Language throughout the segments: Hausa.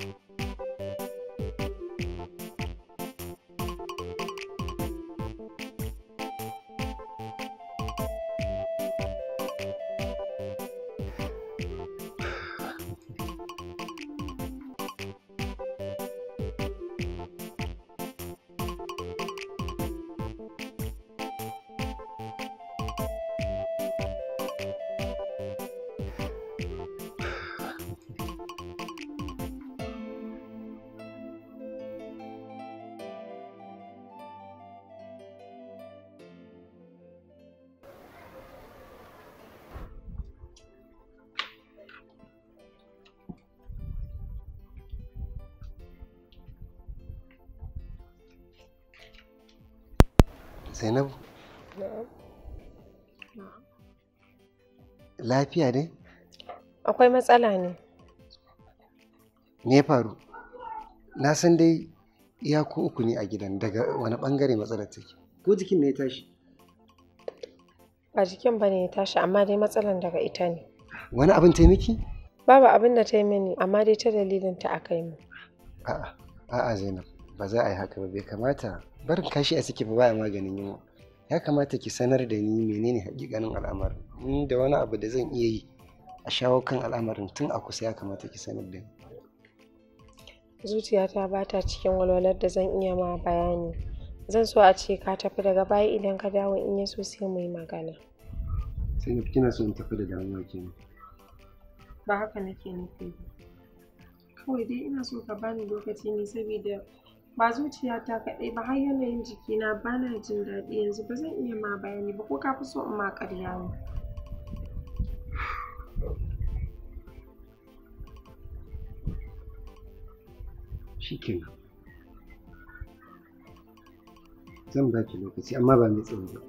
you Zainabu. Lafiya ne? Akwai matsala ne. Me faru? Na san dai iya uku ne a gidan daga wani bangare matsalar take. Ko jikin ne ya tashi? Ba jikin ba ne ya tashi amma dai matsalar daga ita ne. Wani abin ta miki? Babu abin da ta yi mini amma dai ta dalilin ta aka yi mu. A'a, a'a Zainab. ba za a yi haka ba bai kamata barin kashi a ciki ba baya maganin yunwa ya kamata ki sanar da ni menene hakikanin al'amarin da wani abu da zan iya yi a shawo kan al'amarin tun a kusa ya kamata ki sanar da ni zuciyata ba ta cikin walwalar da zan iya ma bayani zan so a ce ka tafi daga baya idan ka dawo in ya so sai mu yi magana sai na kina so in tafi da damuwa ba haka nake nufi ba kawai dai ina so ka bani lokaci ne saboda ba zuciyata kaɗai ba har yanayin jikina ba na jin daɗi yanzu ba zan iya ma bayani ba ko ka fi so in ma ƙarya ne shikenan zan baki lokaci amma ba mai tsawo ba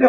Te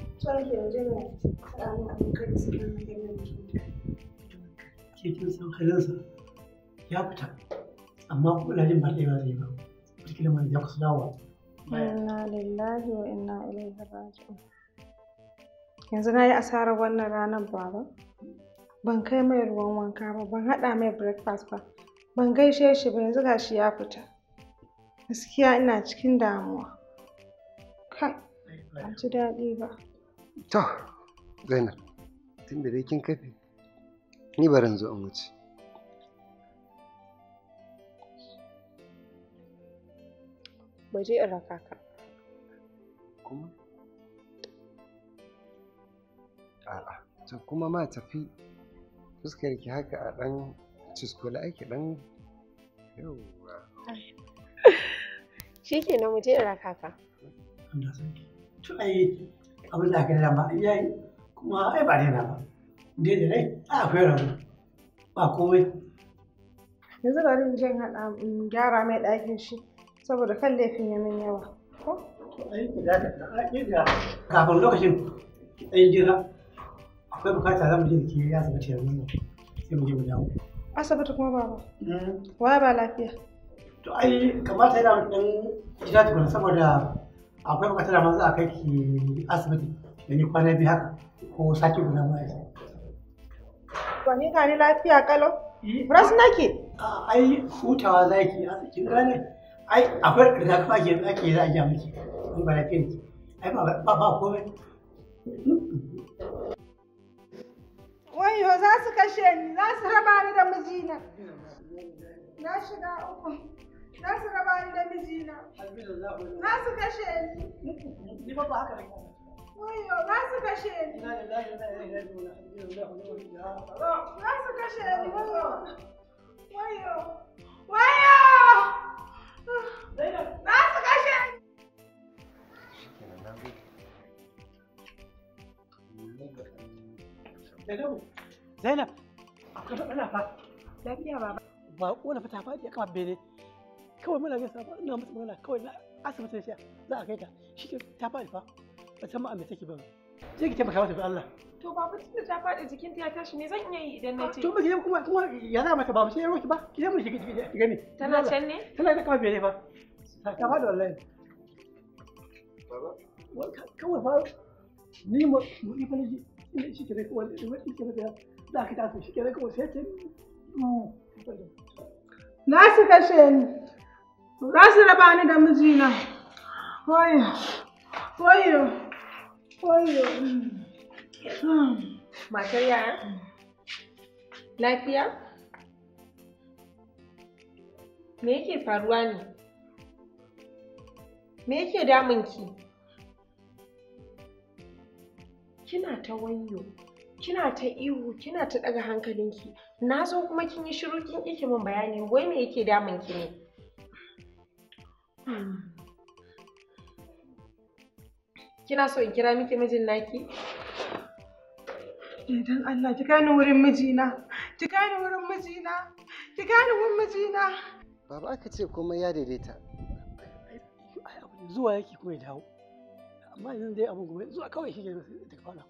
ke kin san halinsa ya fita amma kuma ina jin ba ɗaya ba zai ba wataƙila ma ya kusa dawowa inna lillahi wa inna ilaihi raji'un yanzu na yi asarar wannan ranar baba ban kai mai ruwan wanka ba ban haɗa mai breakfast ba ban gaishe shi ba yanzu gashi ya fita gaskiya ina cikin damuwa kai ban ji daɗi ba To, Zainab, tun da dai kin kafe, ni barin zo in wuce. Bari in raka ka. Kuma? A'a, to kuma ma tafi fuskar ki haka a ɗan cuskula ake ɗan yawwa. Shi ke na mu je in raka ka. Allah Tun Tunaye. abin da aka dama in yayi kuma ai ba daina ba daidai dai a akwai rabu ba komai yanzu bari in je in gyara mai ɗakin shi saboda kan laifin ya min yawa ko kafin lokacin ki jira akwai bukata za mu je da ke ya zama ce yanzu sai mu je mu dawo asibiti kuma baba hmm. waya ba lafiya to ai kamata yana a jira tukuna saboda akwai bukatar ma za a kai ki asibiti da ni kwana biyu haka ko sake guda mai yasa. To ni ni lafiya kalo? Eh. Ras nake. Ai hutawa za ki cikin rana Ai akwai rigakafi ake zaki za a ja miki. Ni ba lafiya ki. Ai ba ba ba Wai, yo za su kashe ni, za su raba ni da mijina. Na shiga uku. Za su raba ni da mijina. Za su kashe ni. Ni ba haka ne. su kashe ni. su kashe ni. Zainab, akwai matsala fa. Lafiya baba. Ba faɗi ya kama bene. kawai muna gaisa ba ina masa magana kawai na asibiti na za a kai ka shi ke ta faɗi fa ba san ma a me take ba je ki taimaka mata da Allah to babu tun da ta faɗi jikin ta ya tashi me zan iya yi idan na ce to ba ki kuma kuma ya za mata ba mu sai roki ba ki mu shi ki gani tana can ne tana da kawai bai ne fa ta faɗi wallahi baba kawai fa ni mu yi ibali shi ke kawai shi ke da za ka tashi shi ke kawai sai ce mm. na su kashe ni Za su raba ni da mijina. Oyo, oyo, oyo. Matar yaya? Lafiya? Me yake faruwa ne? Me yake damunki? Kina ta wayo, kina ta ihu, kina ta ɗaga hankalinki. Na zo kuma kin yi shiru kin ƙi min bayani wai me yake damunki ne? Kina so in kira miki mijin naki? Idan Allah ki kani wurin mijina, ki kani wurin mijina, ki kani wurin mijina. Baba aka ce komai ya daidaita. Zuwa yake kuma ya dawo. Amma idan dai abin gobe zuwa kawai shi ke da fara.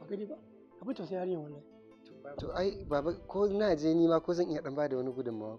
Ba gani ba, abin tausayi yarinyar wannan. To ai baba ko na je ni ma ko zan iya dan bada wani gudunmawa.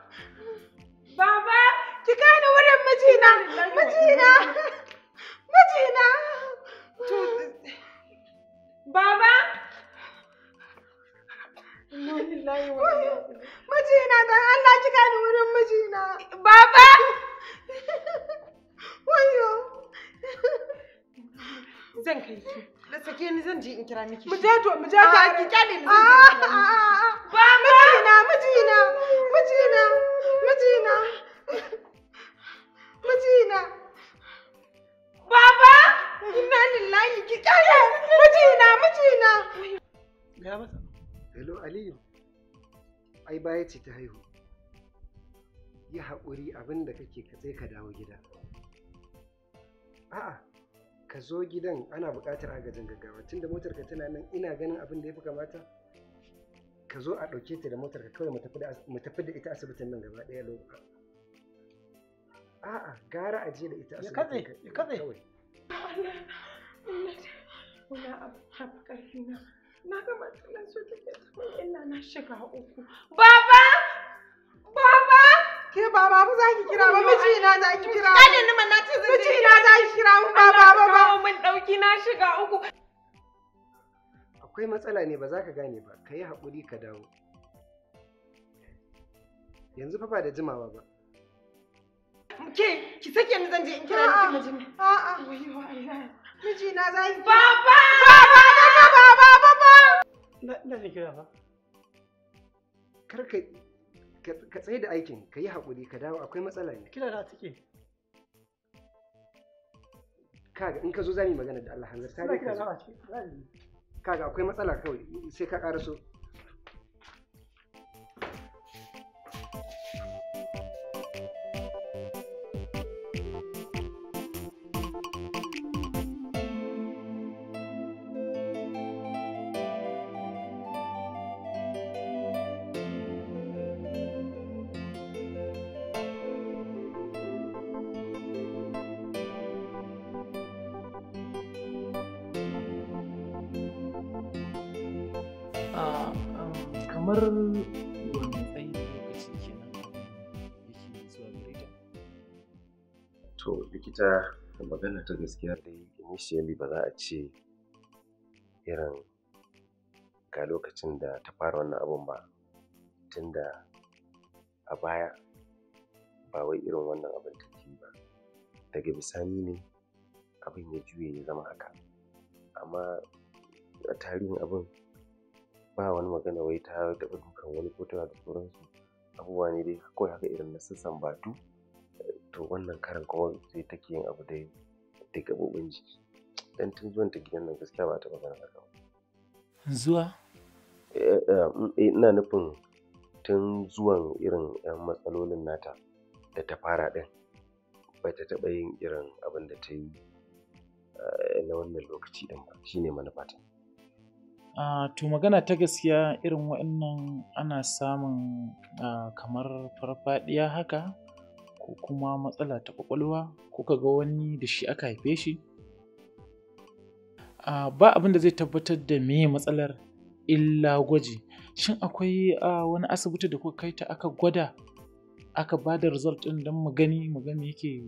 Baba, ki kani wurin mijina, mijina, mijina. Baba. Mijina don Allah ki kani wurin mijina. Baba. Wayo. Zan kai ki. Sake ni zan je in kira miki. Mu je to, mu je to. Ki kyale ni ah, ah. Baba, mijina, mijina. Mijina! Baba! Inna lillahi ki kyale! Mijina! Mijina! Ga masa. Hello Aliyu. Ai baya ce ta haihu. Yi haƙuri abin da kake ka sai ka dawo gida. A'a, ka zo gidan ana buƙatar agajin gaggawa tunda motarka tana nan ina ganin abin da ya fi kamata ka zo a ɗauke ta da motar ka kawai mu tafi da ita asibitin nan gaba ɗaya lokuta a'a gara a je da ita asibitin ka ya katse kawai wala abu haɓa ƙarfi na na ga matsalar su ke tsamin illa na shiga uku baba baba ke ba babu za ki kira ba miji na za ki kira ba ni zai miji na za ki kira ba baba ba mun dauki na shiga uku akwai matsala ne ba za ka gane ba ka yi haƙuri ka dawo yanzu fa ba da jimawa ba ke ki sake ni zan je in kira miki mijin a'a wayo Allah miji na zai baba baba baba baba baba na da kira ba kar ka ka tsaye da aikin ka yi haƙuri ka dawo akwai matsala ne kira da take kaga in ka zo za yi magana da Allah hanzarta ne ka zo kaga akwai matsala kawai sai ka ƙara so kamar wani tsayin kenan yake zuwa gare ta to likita magana ta gaskiya dai initially ba za a ce irin ga lokacin da ta fara wannan abun ba tunda a baya ba wai irin wannan abin ke ba daga bisani ne abin ya juye ya zama haka amma a tarihin abin ba wani magana wai ta taɓa dukan wani ko tana da sauransu abubuwa ne dai kawai haka irin na sassan batu to wannan karan kuma sai take yin abu dai da gaɓoɓin jiki dan tun zuwan ta gidan nan gaskiya ba ta magana haka ba zuwa eh, eh, mm, eh, ina nufin tun zuwan irin yan matsalolin nata da ta fara din ba ta taɓa yin irin abin da ta yi na wannan lokaci din ba shine manufata to magana ta gaskiya irin waɗannan ana samun kamar farfaɗiya haka ko kuma matsala ta kwakwalwa ko ga wani da shi aka haife shi. ba abin da zai tabbatar da me matsalar illa gwaji. Shin akwai wani asibiti da kuka kai ta aka gwada aka ba da result ɗin don mu gani yake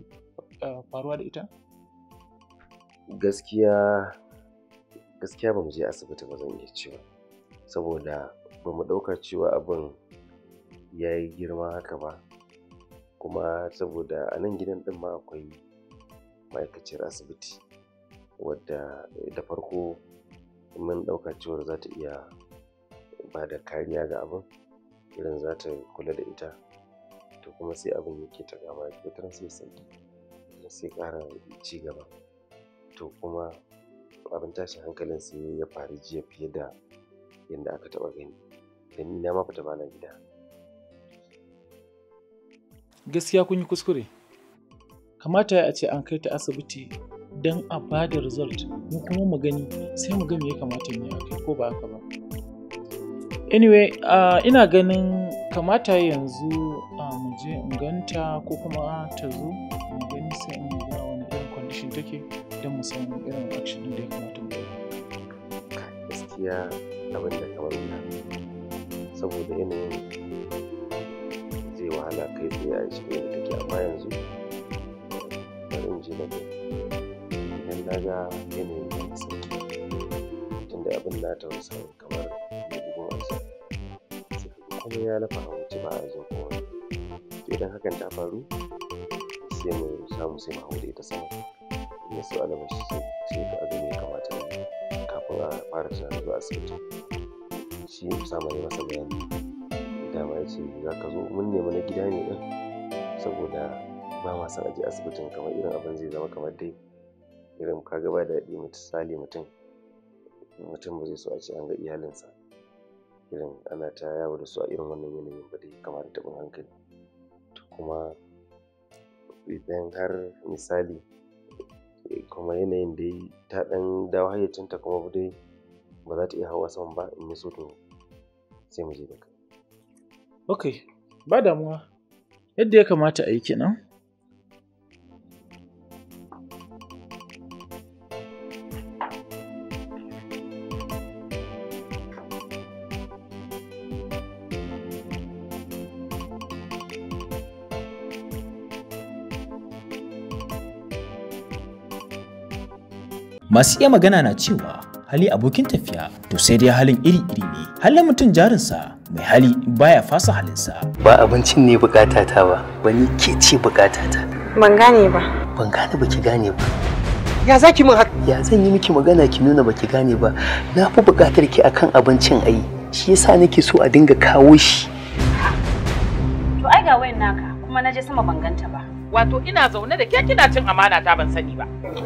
faruwa da ita? Gaskiya gaskiya ba mu je asibiti ba zan iya cewa saboda ba mu ɗauka cewa abin ya yi girma haka ba kuma saboda a nan gidan ɗin ma akwai ma'aikaciyar asibiti wadda da farko mun ɗauka cewar za ta iya ba da kariya ga abin irin za ta kula da ita to kuma sai abin yake ta gama wataran sai sauki sai ƙara ci gaba to kuma abin tashin hankalin sai ya faru jiya fiye da yadda aka taɓa gani don ni na ma fita bana gida gaskiya kun yi kuskure kamata ya ce an kai ta asibiti don a ba da result mu kuma mu gani sai mu ga ya kamata ne a kai ko ba haka ba anyway uh, ina ganin kamata yanzu uh, mu je in ganta ko kuma ta zo mu gani sai in ga wani irin condition take Idan mu san irin action da ya kamata mu gaskiya abin da kamar wuta saboda yanayin zai wahala kai tsaye a cikin yadda take amma yanzu bari in ji na idan na ga yanayin da tun tunda abin da ta wasa kamar mai bugun wasa kuma ya lafa a wuce ba a jin kowa idan hakan ta faru sai mu samu sai mu haure ta sama na su lamashi sai ka abin da ya kamata kafin a fara tunanin zuwa asibiti shi ya sa ne masa bayani dama ya ce za ka zo mun nemi na gida ne din saboda ba ma san aje asibitin kamar irin abin zai zama kamar dai irin ka gaba da daɗi misali mutum mutum ba zai so a ce an ga iyalinsa irin ana ta yawo da su a irin wannan yanayin ba dai kamar taɓin hankali ta kuma idan har misali kuma yanayin da yi ta ɗan dawo hayyacinta kuma dai ba za ta iya hawa saman ba in ya so to sai mu je da kai. Ok, ba damuwa. Yadda ya kamata a yi kenan, Masu iya magana na cewa hali abokin tafiya to sai dai halin iri-iri ne. Halin mutum jarinsa mai hali baya fasa halinsa. Ba abincin ne ta ba, wani ke ce ta. Ban gane ba. Ban gane ba ki gane ba. Ya zaki mun haka? Ya zan yi miki magana ki nuna ba ki gane ba. Na fi bukatar ki akan abincin ai. Shi yasa nake so a dinga kawo shi. To ai ga wayan naka kuma naje sama ban ganta ba. wato ina zaune da ke kina cin amana ta ban sani ba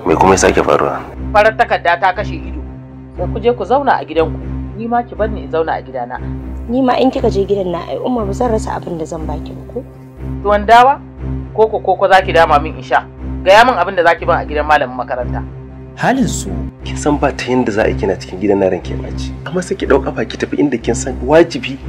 me kuma ya sake faruwa farar takarda ta kashe ido sai ku je ku zauna a gidanku ni ma ki bar ni in zauna a gidana ni ma in kika je gidan na ai umar zan rasa abin da zan baki ba ko tuwon dawa koko koko zaki dama min in sha gaya min abin da zaki ban a gidan malamin makaranta halin su kin san ba ta yanda za a kina cikin gidan naran ke baci amma sai ki dauka ba ki tafi inda kin san wajibi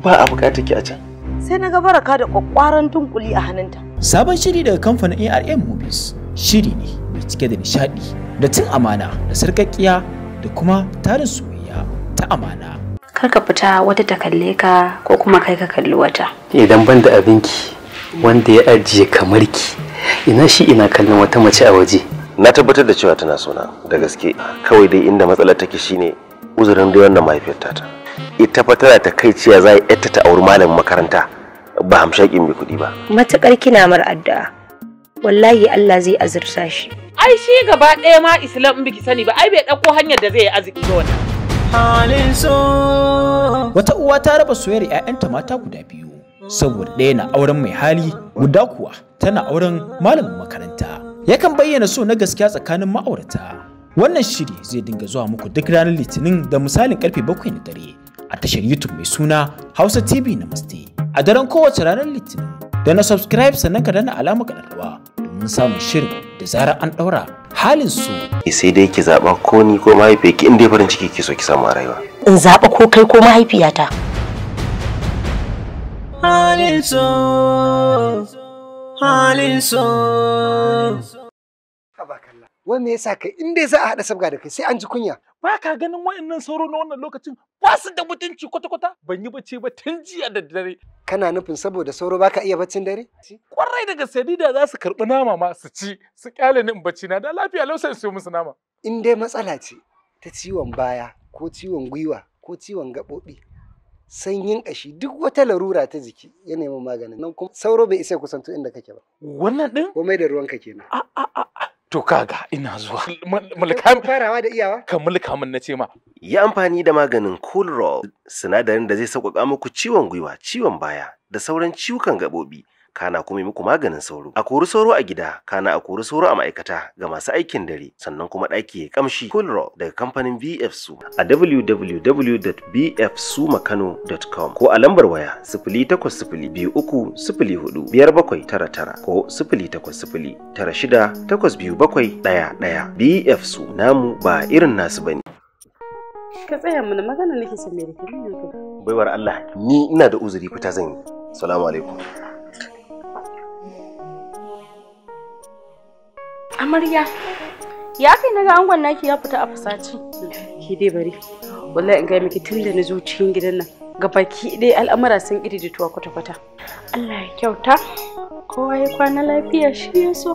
ba a bukatar ki a can sai na ga baraka da kwakwaran tunkuli a hannunta Sabon shiri daga kamfanin ARM Movies shiri ne mai cike da nishaɗi da cin amana da sarƙaƙiya da kuma tarin soyayya ta amana. Kar ka fita wata ta kalle ka ko kuma kai ka kalli wata. Idan ban da abinki wanda ya ajiye kamar ki ina shi ina kallon wata mace a waje. Na tabbatar da cewa tana suna da gaske kawai dai inda matsalar take shine uzurin da wannan mahaifiyar ta Ita fa tana ta kai ciya za ta ta auri malamin makaranta. ba hamshakin mai kuɗi ba matukar kina mar addu'a wallahi Allah zai azurta shi ai shi gaba ɗaya ma islam in biki sani ba ai bai ɗauko hanyar da zai yi arziki ba wannan halin so wata uwa ta raba soyayyar 'ya'yanta mata guda biyu saboda ɗaya na auren mai hali guda kuwa tana auren malamin makaranta yakan bayyana so na gaskiya tsakanin ma'aurata wannan shiri zai dinga zuwa muku duk ranar litinin da misalin karfe bakwai na dare a tashar youtube mai suna hausa tv namaste a daren kowace ranar litinin da na subscribe sannan ka dana alamar kararrawa domin samun shirin da zarar an ɗaura halin su eh, sai dai ki zaba ko ni ko ki, in dai farin ciki ki so ki samu a rayuwa in zaba ko kai ko mahaifiyata halin su halin su wai ya yasa ka in dai za a haɗa sabga da kai sai an ji kunya ba ka ganin wa'annan sauro na wannan lokacin ba su da mutunci kwata-kwata ban yi bacci ba tun jiya da dare. Kana nufin saboda sauro baka iya baccin dare? Kwarai daga sadida za su karɓi nama ma su ci su kyale ni in bacci na da lafiya lausa su musu nama. In dai matsala ce ta ciwon baya ko ciwon gwiwa ko ciwon gaɓoɓi sanyin ƙashi duk wata larura ta jiki ya nemi maganin nan kuma sauro bai isa kusanto inda kake ba. Wannan din? Komai da ruwanka kenan. A'a a'a. To kaga ina zuwa. farawa da iyawa? Ka mulka min na ce ma. Yi amfani da maganin Cool Roll, sinadarin da zai sauƙaƙa muku ciwon gwiwa, ciwon baya da sauran ciwukan gaɓoɓi. kana kuma muku maganin sauro a kori sauro a gida kana a kori sauro a ma'aikata ga masu aikin dare sannan kuma ɗaki ya kamshi kulro daga kamfanin bf su a www.bfsumakano.com ko a lambar waya tara tara ko tara shida bf su namu ba irin nasu bane ka tsaya mana magana nake son mai rikirin baiwar Allah ni ina da uzuri fita zan yi assalamu alaikum Amarya. Ya kai na ga angon naki ya fita a fasaci. Ki dai bari. Wallahi in ga miki tun da na zo cikin gidan nan. Ga baki dai al'amura sun iri da tuwa kwata-kwata. Allah ya kyauta. Kowa ya kwana lafiya shi ya so.